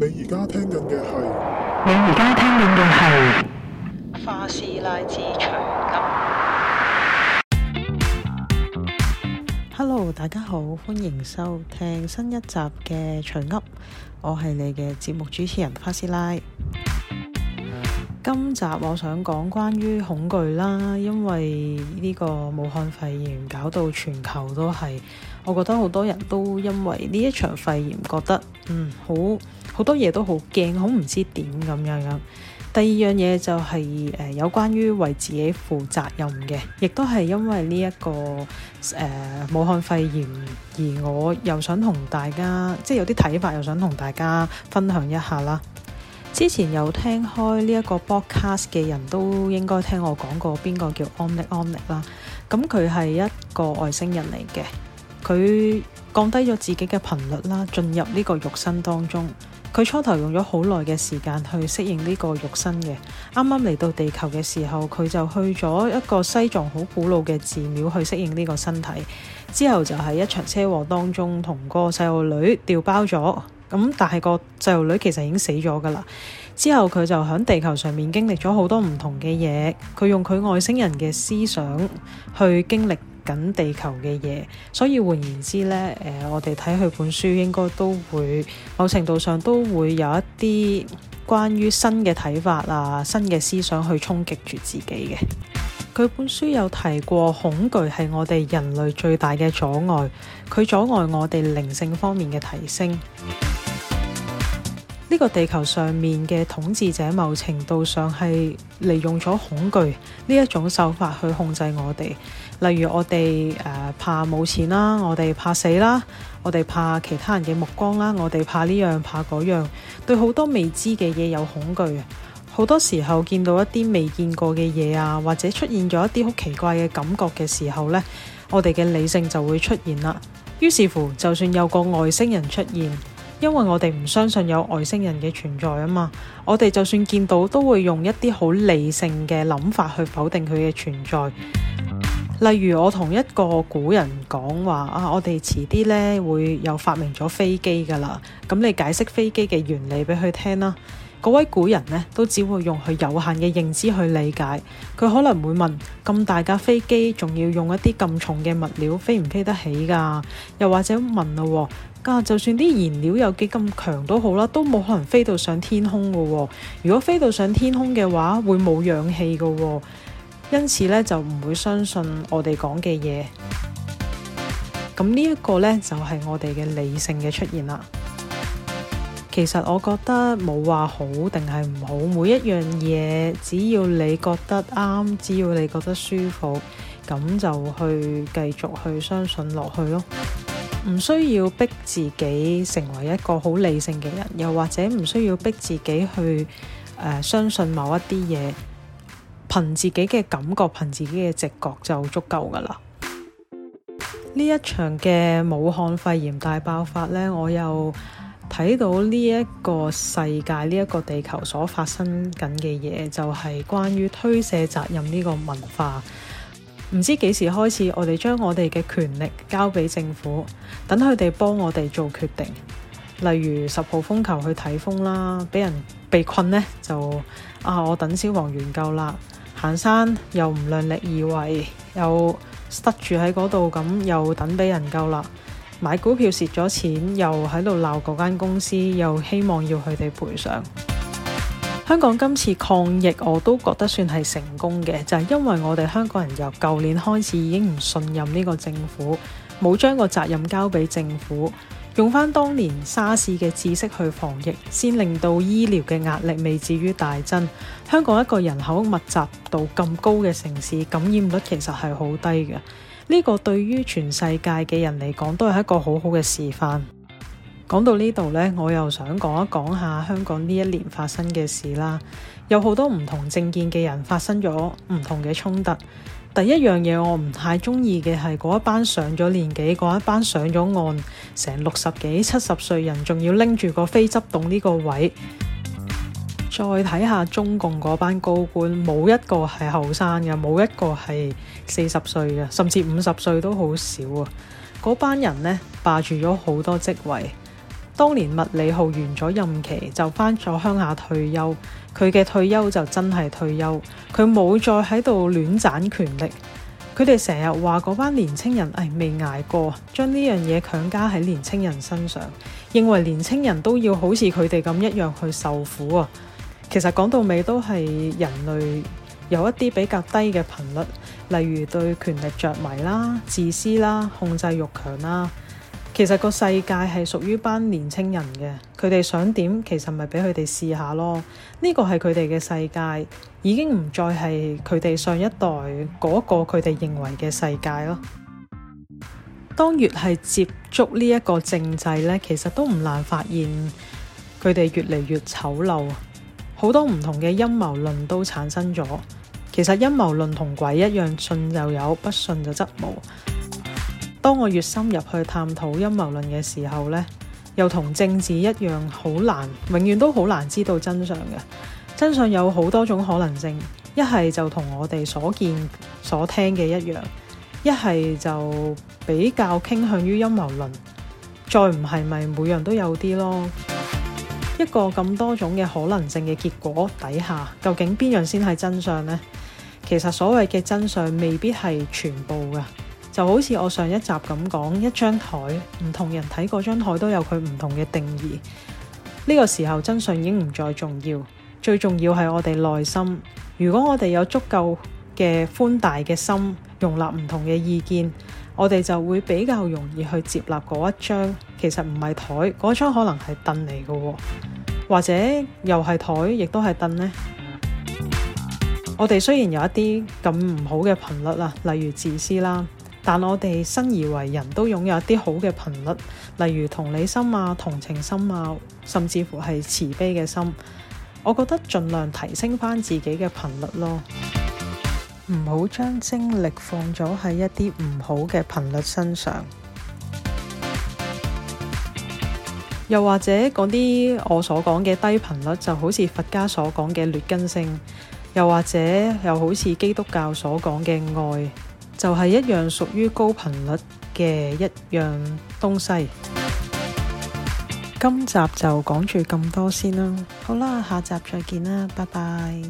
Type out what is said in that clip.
你而家聽緊嘅係，你而家聽緊嘅係。花師奶之長噏，Hello，大家好，歡迎收聽新一集嘅長噏，我係你嘅節目主持人花師奶。Mm hmm. 今集我想講關於恐懼啦，因為呢個武漢肺炎搞到全球都係，我覺得好多人都因為呢一場肺炎覺得，嗯，好。好多嘢都好驚，好唔知點咁樣樣。第二樣嘢就係、是、誒、呃、有關於為自己負責任嘅，亦都係因為呢、這、一個誒、呃、武漢肺炎，而我又想同大家即係有啲睇法，又想同大家分享一下啦。之前有聽開呢一個 broadcast 嘅人都應該聽我講過邊個叫安力安力啦。咁佢係一個外星人嚟嘅，佢降低咗自己嘅頻率啦，進入呢個肉身當中。佢初頭用咗好耐嘅時間去適應呢個肉身嘅，啱啱嚟到地球嘅時候，佢就去咗一個西藏好古老嘅寺廟去適應呢個身體。之後就喺一場車禍當中同個細路女調包咗，咁但係個細路女其實已經死咗噶啦。之後佢就喺地球上面經歷咗好多唔同嘅嘢，佢用佢外星人嘅思想去經歷。緊地球嘅嘢，所以換言之咧，誒、呃，我哋睇佢本書應該都會某程度上都會有一啲關於新嘅睇法啊、新嘅思想去衝擊住自己嘅。佢本書有提過，恐懼係我哋人類最大嘅阻礙，佢阻礙我哋靈性方面嘅提升。呢個地球上面嘅統治者，某程度上係利用咗恐懼呢一種手法去控制我哋。例如我哋誒、呃、怕冇錢啦，我哋怕死啦，我哋怕其他人嘅目光啦，我哋怕呢樣怕嗰樣，對好多未知嘅嘢有恐懼。好多時候見到一啲未見過嘅嘢啊，或者出現咗一啲好奇怪嘅感覺嘅時候呢，我哋嘅理性就會出現啦。於是乎，就算有個外星人出現。因為我哋唔相信有外星人嘅存在啊嘛，我哋就算見到，都會用一啲好理性嘅諗法去否定佢嘅存在。例如，我同一個古人講話啊，我哋遲啲呢會有發明咗飛機噶啦，咁你解釋飛機嘅原理俾佢聽啦。嗰位古人呢都只會用佢有限嘅認知去理解，佢可能會問，咁大架飛機，仲要用一啲咁重嘅物料飛唔飛得起噶？又或者問啦、哦？咁、啊、就算啲燃料有幾咁強都好啦，都冇可能飛到上天空㗎、哦。如果飛到上天空嘅話，會冇氧氣㗎、哦。因此呢，就唔會相信我哋講嘅嘢。咁呢一個呢，就係、是、我哋嘅理性嘅出現啦。其實我覺得冇話好定係唔好，每一樣嘢只要你覺得啱，只要你覺得舒服，咁就去繼續去相信落去咯。唔需要逼自己成為一個好理性嘅人，又或者唔需要逼自己去誒、呃、相信某一啲嘢，憑自己嘅感覺，憑自己嘅直覺就足夠噶啦。呢 一場嘅武漢肺炎大爆發呢，我又睇到呢一個世界、呢、這、一個地球所發生緊嘅嘢，就係、是、關於推卸責任呢個文化。唔知幾時開始，我哋將我哋嘅權力交俾政府，等佢哋幫我哋做決定。例如十號風球去睇風啦，俾人被困呢，就啊，我等消防員救啦。行山又唔量力而為，又塞住喺嗰度，咁又等俾人救啦。買股票蝕咗錢，又喺度鬧嗰間公司，又希望要佢哋賠償。香港今次抗疫我都覺得算係成功嘅，就係因為我哋香港人由舊年開始已經唔信任呢個政府，冇將個責任交俾政府，用翻當年沙士嘅知識去防疫，先令到醫療嘅壓力未至於大增。香港一個人口密集度咁高嘅城市，感染率其實係好低嘅。呢個對於全世界嘅人嚟講，都係一個好好嘅示範。講到呢度呢，我又想講一講一下香港呢一年發生嘅事啦。有好多唔同政見嘅人發生咗唔同嘅衝突。第一樣嘢我唔太中意嘅係嗰一班上咗年紀，嗰一班上咗岸成六十幾、七十歲人，仲要拎住個非執董呢個位。再睇下中共嗰班高官，冇一個係後生嘅，冇一個係四十歲嘅，甚至五十歲都好少啊。嗰班人呢，霸住咗好多職位。當年麥理浩完咗任期就返咗鄉下退休，佢嘅退休就真係退休，佢冇再喺度亂賺權力。佢哋成日話嗰班年青人，唉、哎，未捱過，將呢樣嘢強加喺年青人身上，認為年青人都要好似佢哋咁一樣去受苦啊。其實講到尾都係人類有一啲比較低嘅頻率，例如對權力着迷啦、自私啦、控制欲強啦。其實個世界係屬於班年青人嘅，佢哋想點，其實咪俾佢哋試下咯。呢個係佢哋嘅世界，已經唔再係佢哋上一代嗰個佢哋認為嘅世界咯。當越係接觸呢一個政制呢，其實都唔難發現佢哋越嚟越醜陋，好多唔同嘅陰謀論都產生咗。其實陰謀論同鬼一樣，信就有，不信就則無。當我越深入去探討陰謀論嘅時候呢，又同政治一樣，好難，永遠都好難知道真相嘅。真相有好多種可能性，一係就同我哋所見所聽嘅一樣，一係就比較傾向於陰謀論，再唔係咪每樣都有啲咯。一個咁多種嘅可能性嘅結果底下，究竟邊樣先係真相呢？其實所謂嘅真相未必係全部㗎。就好似我上一集咁講，一張台，唔同人睇嗰張台都有佢唔同嘅定義。呢個時候真相已經唔再重要，最重要係我哋內心。如果我哋有足夠嘅寬大嘅心，容納唔同嘅意見，我哋就會比較容易去接納嗰一張其實唔係台，嗰張可能係凳嚟嘅，或者又係台，亦都係凳呢。我哋雖然有一啲咁唔好嘅頻率啊，例如自私啦。但我哋生而為人都擁有啲好嘅頻率，例如同理心啊、同情心啊，甚至乎係慈悲嘅心。我覺得盡量提升返自己嘅頻率咯，唔好將精力放咗喺一啲唔好嘅頻率身上。又或者講啲我所講嘅低頻率，就好似佛家所講嘅劣根性，又或者又好似基督教所講嘅愛，就係一樣屬於高頻率嘅一樣東西。 今集就講住咁多先啦，好啦，下集再見啦，拜拜。